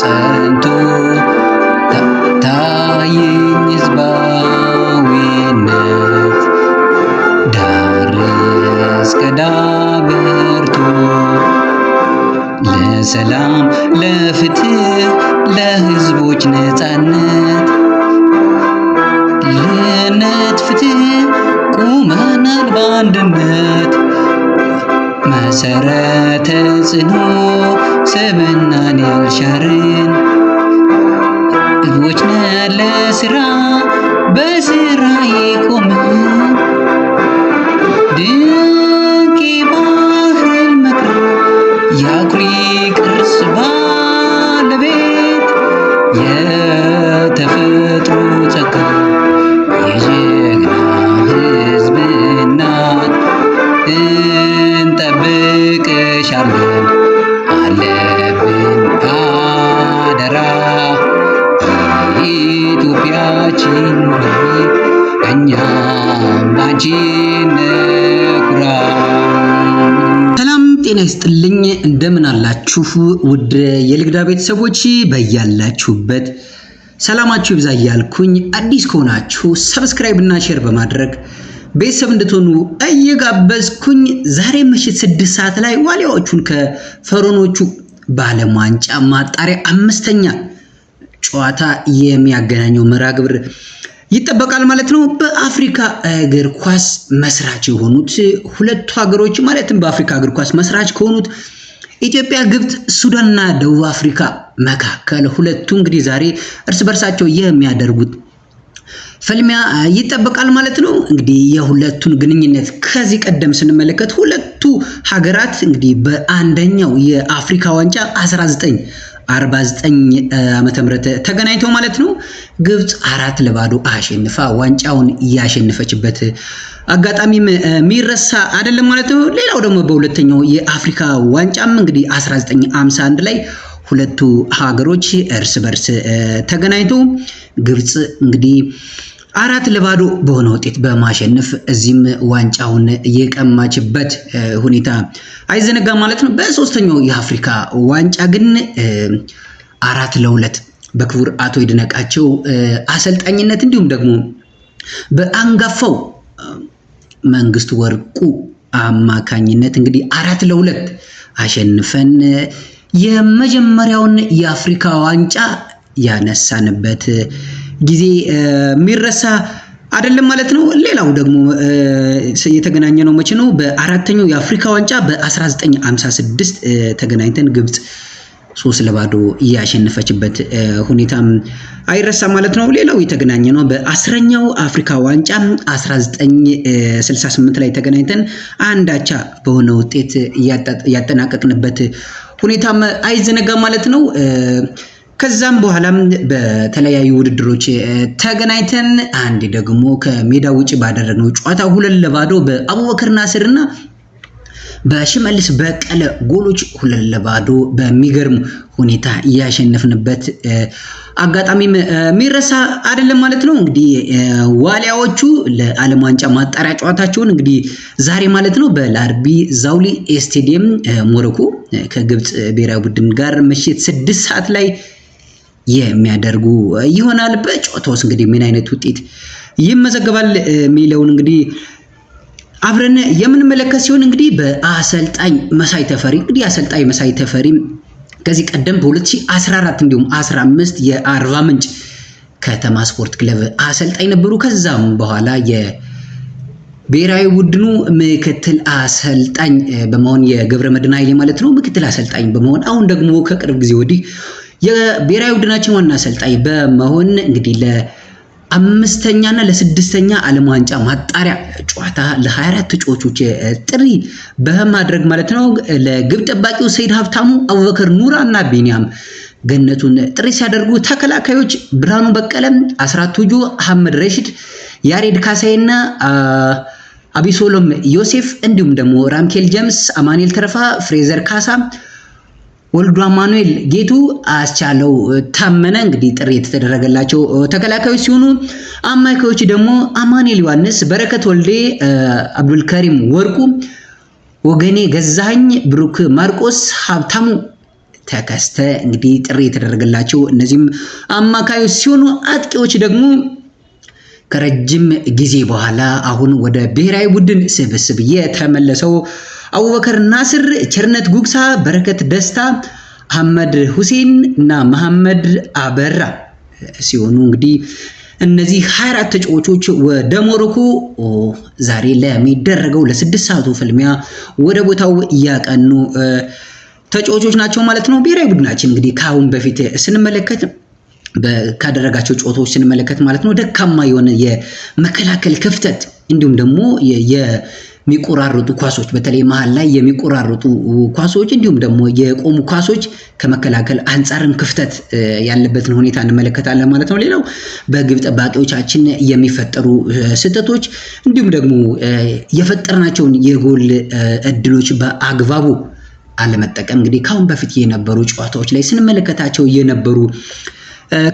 ጸንቶ ታየኝ ሕዝባዊነት ዳር እስከ ዳበርቱ ለሰላም ለፍትህ ለሕዝቦች ነፃነት ልዕልነት ፍትህ ቁመናል በአንድነት መሰረተ ጽኑ ለመናን ያልሻርን ሕዝቦች ነን ለስራ በስራ የቆምን ድንቅ ባህል የአኩሪ ቅርስ ባለቤት የተፈጥሮ ጸጋ የጀግና አድርጎኛል ላንቺ ጤና ይስጥልኝ። እንደምን አላችሁ ውድ የልግዳ ቤተሰቦች፣ በያላችሁበት ሰላማችሁ ይብዛ እያልኩኝ አዲስ ከሆናችሁ ሰብስክራይብ እና ሼር በማድረግ ቤተሰብ እንድትሆኑ እየጋበዝኩኝ ዛሬ ምሽት ስድስት ሰዓት ላይ ዋሊያዎቹን ከፈረኖቹ በዓለም ዋንጫ ማጣሪያ አምስተኛ ጨዋታ የሚያገናኘው መርሃ ግብር ይጠበቃል ማለት ነው። በአፍሪካ እግር ኳስ መስራች የሆኑት ሁለቱ ሀገሮች ማለትም በአፍሪካ እግር ኳስ መስራች ከሆኑት ኢትዮጵያ፣ ግብፅ፣ ሱዳንና ደቡብ አፍሪካ መካከል ሁለቱ እንግዲህ ዛሬ እርስ በርሳቸው የሚያደርጉት ፍልሚያ ይጠበቃል ማለት ነው። እንግዲህ የሁለቱን ግንኙነት ከዚህ ቀደም ስንመለከት ሁለቱ ሀገራት እንግዲህ በአንደኛው የአፍሪካ ዋንጫ 19 49 ዓመተ ምህረት ተገናኝቶ ማለት ነው ግብፅ አራት ለባዶ አሸንፋ ዋንጫውን እያሸነፈችበት አጋጣሚም የሚረሳ አይደለም ማለት ነው። ሌላው ደግሞ በሁለተኛው የአፍሪካ ዋንጫም እንግዲህ 1951 ላይ ሁለቱ ሀገሮች እርስ በርስ ተገናኝቶ ግብፅ እንግዲህ አራት ለባዶ በሆነ ውጤት በማሸነፍ እዚህም ዋንጫውን የቀማችበት ሁኔታ አይዘነጋም ማለት ነው። በሶስተኛው የአፍሪካ ዋንጫ ግን አራት ለሁለት በክቡር አቶ ይድነቃቸው አሰልጣኝነት እንዲሁም ደግሞ በአንጋፋው መንግስቱ ወርቁ አማካኝነት እንግዲህ አራት ለሁለት አሸንፈን የመጀመሪያውን የአፍሪካ ዋንጫ ያነሳንበት ጊዜ የሚረሳ አይደለም ማለት ነው። ሌላው ደግሞ የተገናኘ ነው መቼ ነው? በአራተኛው የአፍሪካ ዋንጫ በ1956 ተገናኝተን ግብፅ ሶስት ለባዶ እያሸነፈችበት ሁኔታም አይረሳ ማለት ነው። ሌላው የተገናኘ ነው በአስረኛው አፍሪካ ዋንጫ 1968 ላይ ተገናኝተን አንድ አቻ በሆነ ውጤት ያጠናቀቅንበት ሁኔታም አይዘነጋ ማለት ነው። ከዛም በኋላም በተለያዩ ውድድሮች ተገናኝተን አንድ ደግሞ ከሜዳ ውጭ ባደረግነው ጨዋታ ሁለት ለባዶ በአቡበክር ናስር እና በሽመልስ በቀለ ጎሎች ሁለት ለባዶ በሚገርም ሁኔታ ያሸነፍንበት አጋጣሚ የሚረሳ አይደለም ማለት ነው። እንግዲህ ዋሊያዎቹ ለዓለም ዋንጫ ማጣሪያ ጨዋታቸውን እንግዲህ ዛሬ ማለት ነው በላርቢ ዛውሊ ስቴዲየም ሞሮኮ ከግብፅ ብሔራዊ ቡድን ጋር ምሽት ስድስት ሰዓት ላይ የሚያደርጉ ይሆናል። በጨዋታውስ እንግዲህ ምን አይነት ውጤት ይመዘገባል የሚለውን እንግዲህ አብረን የምንመለከት ሲሆን እንግዲህ በአሰልጣኝ መሳይ ተፈሪ እንግዲህ አሰልጣኝ መሳይ ተፈሪ ከዚህ ቀደም በ2014 እንዲሁም 15 የአርባ ምንጭ ከተማ ስፖርት ክለብ አሰልጣኝ ነበሩ። ከዛም በኋላ የብሔራዊ ቡድኑ ምክትል አሰልጣኝ በመሆን የገብረ መድን ኃይሌ ማለት ነው ምክትል አሰልጣኝ በመሆን አሁን ደግሞ ከቅርብ ጊዜ ወዲህ የብሔራዊ ቡድናችን ዋና አሰልጣኝ በመሆን እንግዲህ ለአምስተኛና ለስድስተኛ ዓለም ዋንጫ ማጣሪያ ጨዋታ ለ24 ተጫዋቾች ጥሪ በማድረግ ማለት ነው ለግብ ጠባቂው ሰይድ ሀብታሙ፣ አቡበከር ኑራ እና ቢኒያም ገነቱን ጥሪ ሲያደርጉ ተከላካዮች ብርሃኑ በቀለም፣ አስራት ቱጁ፣ አህመድ ረሽድ፣ ያሬድ ካሳይና አቢሶሎም ዮሴፍ እንዲሁም ደግሞ ራምኬል ጀምስ፣ አማኑኤል ተረፋ፣ ፍሬዘር ካሳ ወልዱ አማኑኤል ጌቱ፣ አስቻለው ታመነ እንግዲህ ጥሪ የተደረገላቸው ተከላካዮች ሲሆኑ አማካዮች ደግሞ አማኑኤል ዮሐንስ፣ በረከት ወልዴ፣ አብዱልከሪም ወርቁ፣ ወገኔ ገዛኸኝ፣ ብሩክ ማርቆስ፣ ሀብታሙ ተከስተ እንግዲህ ጥሪ የተደረገላቸው እነዚህም አማካዮች ሲሆኑ አጥቂዎች ደግሞ ከረጅም ጊዜ በኋላ አሁን ወደ ብሔራዊ ቡድን ስብስብ የተመለሰው አቡበከር ናስር፣ ቸርነት ጉግሳ፣ በረከት ደስታ፣ አህመድ ሁሴን እና መሐመድ አበራ ሲሆኑ እንግዲህ እነዚህ 24 ተጫዋቾች ወደ ሞሮኮ ዛሬ ለሚደረገው ለስድስት ሰዓቱ ፍልሚያ ወደ ቦታው እያቀኑ ተጫዋቾች ናቸው ማለት ነው። ብሔራዊ ቡድናችን እንግዲህ ከአሁን በፊት ስንመለከት ካደረጋቸው ጨዋታዎች ስንመለከት ማለት ነው ደካማ የሆነ የመከላከል ክፍተት እንዲሁም ደግሞ የሚቆራርጡ ኳሶች በተለይ መሀል ላይ የሚቆራርጡ ኳሶች እንዲሁም ደግሞ የቆሙ ኳሶች ከመከላከል አንጻርም ክፍተት ያለበትን ሁኔታ እንመለከታለን ማለት ነው። ሌላው በግብ ጠባቂዎቻችን የሚፈጠሩ ስህተቶች እንዲሁም ደግሞ የፈጠርናቸውን የጎል እድሎች በአግባቡ አለመጠቀም እንግዲህ ከአሁን በፊት የነበሩ ጨዋታዎች ላይ ስንመለከታቸው የነበሩ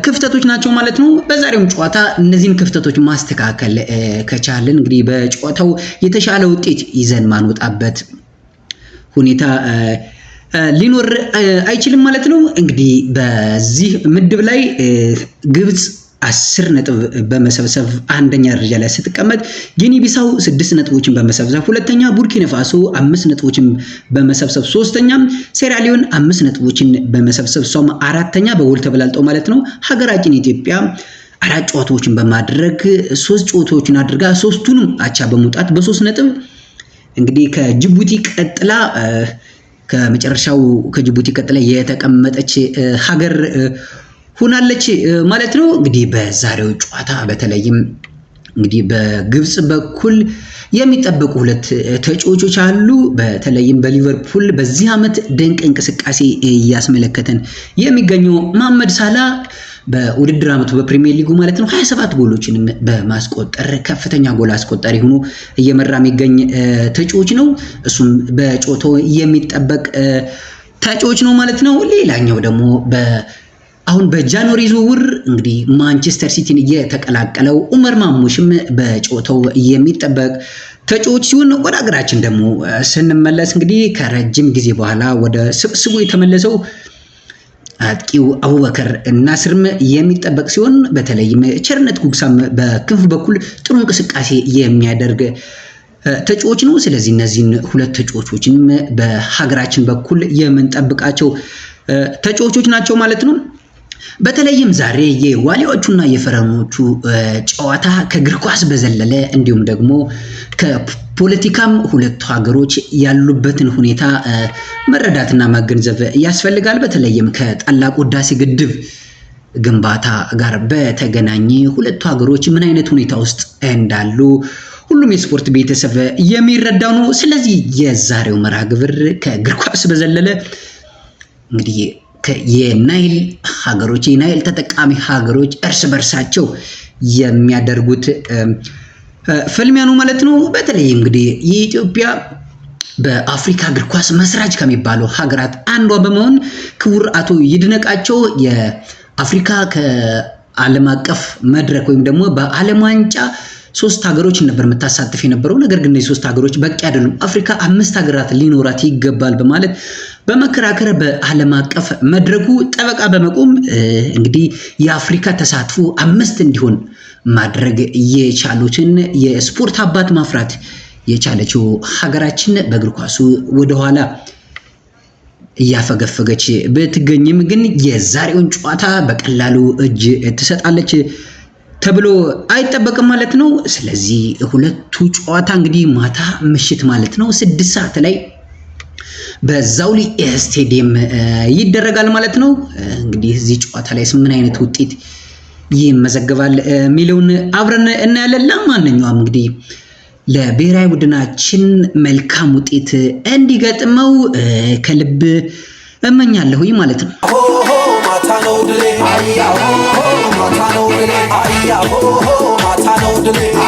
ክፍተቶች ናቸው ማለት ነው። በዛሬውም ጨዋታ እነዚህን ክፍተቶች ማስተካከል ከቻልን እንግዲህ በጨዋታው የተሻለ ውጤት ይዘን ማንወጣበት ሁኔታ ሊኖር አይችልም ማለት ነው። እንግዲህ በዚህ ምድብ ላይ ግብፅ አስር ነጥብ በመሰብሰብ አንደኛ ደረጃ ላይ ስትቀመጥ፣ ጊኒ ቢሳው ስድስት ነጥቦችን በመሰብሰብ ሁለተኛ፣ ቡርኪና ፋሶ አምስት ነጥቦችን በመሰብሰብ ሶስተኛ፣ ሴራሊዮን አምስት ነጥቦችን በመሰብሰብ እሷም አራተኛ በጎል ተበላልጦ ማለት ነው። ሀገራችን ኢትዮጵያ አራት ጨዋታዎችን በማድረግ ሶስት ጨዋታዎችን አድርጋ ሶስቱንም አቻ በመውጣት በሶስት ነጥብ እንግዲህ ከጅቡቲ ቀጥላ ከመጨረሻው ከጅቡቲ ቀጥላ የተቀመጠች ሀገር ሁናለች ማለት ነው። እንግዲህ በዛሬው ጨዋታ በተለይም እንግዲህ በግብፅ በኩል የሚጠበቁ ሁለት ተጫዋቾች አሉ። በተለይም በሊቨርፑል በዚህ ዓመት ድንቅ እንቅስቃሴ እያስመለከተን የሚገኘው መሐመድ ሳላ በውድድር ዓመቱ በፕሪሚየር ሊጉ ማለት ነው 27 ጎሎችን በማስቆጠር ከፍተኛ ጎል አስቆጣሪ ሆኖ እየመራ የሚገኝ ተጫዋች ነው። እሱም በጮቶ የሚጠበቅ ተጫዋች ነው ማለት ነው። ሌላኛው ደግሞ በ አሁን በጃንዋሪ ዝውውር እንግዲህ ማንቸስተር ሲቲን የተቀላቀለው ኡመር ማሙሽም በጮተው የሚጠበቅ ተጫዋች ሲሆን ወደ ሀገራችን ደግሞ ስንመለስ እንግዲህ ከረጅም ጊዜ በኋላ ወደ ስብስቡ የተመለሰው አጥቂው አቡበከር ናስርም የሚጠበቅ ሲሆን በተለይም ቸርነት ጉግሳም በክንፍ በኩል ጥሩ እንቅስቃሴ የሚያደርግ ተጫዋች ነው። ስለዚህ እነዚህን ሁለት ተጫዋቾችንም በሀገራችን በኩል የምንጠብቃቸው ተጫዋቾች ናቸው ማለት ነው። በተለይም ዛሬ የዋሊያዎቹና የፈረሞቹ ጨዋታ ከእግር ኳስ በዘለለ እንዲሁም ደግሞ ከፖለቲካም ሁለቱ ሀገሮች ያሉበትን ሁኔታ መረዳትና ማገንዘብ ያስፈልጋል። በተለይም ከታላቁ ህዳሴ ግድብ ግንባታ ጋር በተገናኘ ሁለቱ ሀገሮች ምን አይነት ሁኔታ ውስጥ እንዳሉ ሁሉም የስፖርት ቤተሰብ የሚረዳው ነው። ስለዚህ የዛሬው መርሃ ግብር ከእግር ኳስ በዘለለ እንግዲህ የናይል ሀገሮች የናይል ተጠቃሚ ሀገሮች እርስ በርሳቸው የሚያደርጉት ፍልሚያ ነው ማለት ነው። በተለይ እንግዲህ የኢትዮጵያ በአፍሪካ እግር ኳስ መስራች ከሚባሉ ሀገራት አንዷ በመሆን ክቡር አቶ ይድነቃቸው የአፍሪካ ከዓለም አቀፍ መድረክ ወይም ደግሞ በዓለም ዋንጫ ሶስት ሀገሮች ነበር የምታሳትፍ የነበረው። ነገር ግን እነዚህ ሶስት ሀገሮች በቂ አይደሉም፣ አፍሪካ አምስት ሀገራት ሊኖራት ይገባል በማለት በመከራከር በዓለም አቀፍ መድረኩ ጠበቃ በመቆም እንግዲህ የአፍሪካ ተሳትፎ አምስት እንዲሆን ማድረግ የቻሉትን የስፖርት አባት ማፍራት የቻለችው ሀገራችን በእግር ኳሱ ወደኋላ እያፈገፈገች ብትገኝም ግን የዛሬውን ጨዋታ በቀላሉ እጅ ትሰጣለች ተብሎ አይጠበቅም ማለት ነው። ስለዚህ ሁለቱ ጨዋታ እንግዲህ ማታ ምሽት ማለት ነው ስድስት ሰዓት ላይ በዛውሊ ስቴዲየም ይደረጋል ማለት ነው። እንግዲህ እዚህ ጨዋታ ላይ ምን አይነት ውጤት ይመዘገባል የሚለውን አብረን እናያለን። ለማንኛውም እንግዲህ ለብሔራዊ ቡድናችን መልካም ውጤት እንዲገጥመው ከልብ እመኛለሁ ማለት ነው። ማታ ነው ድሌ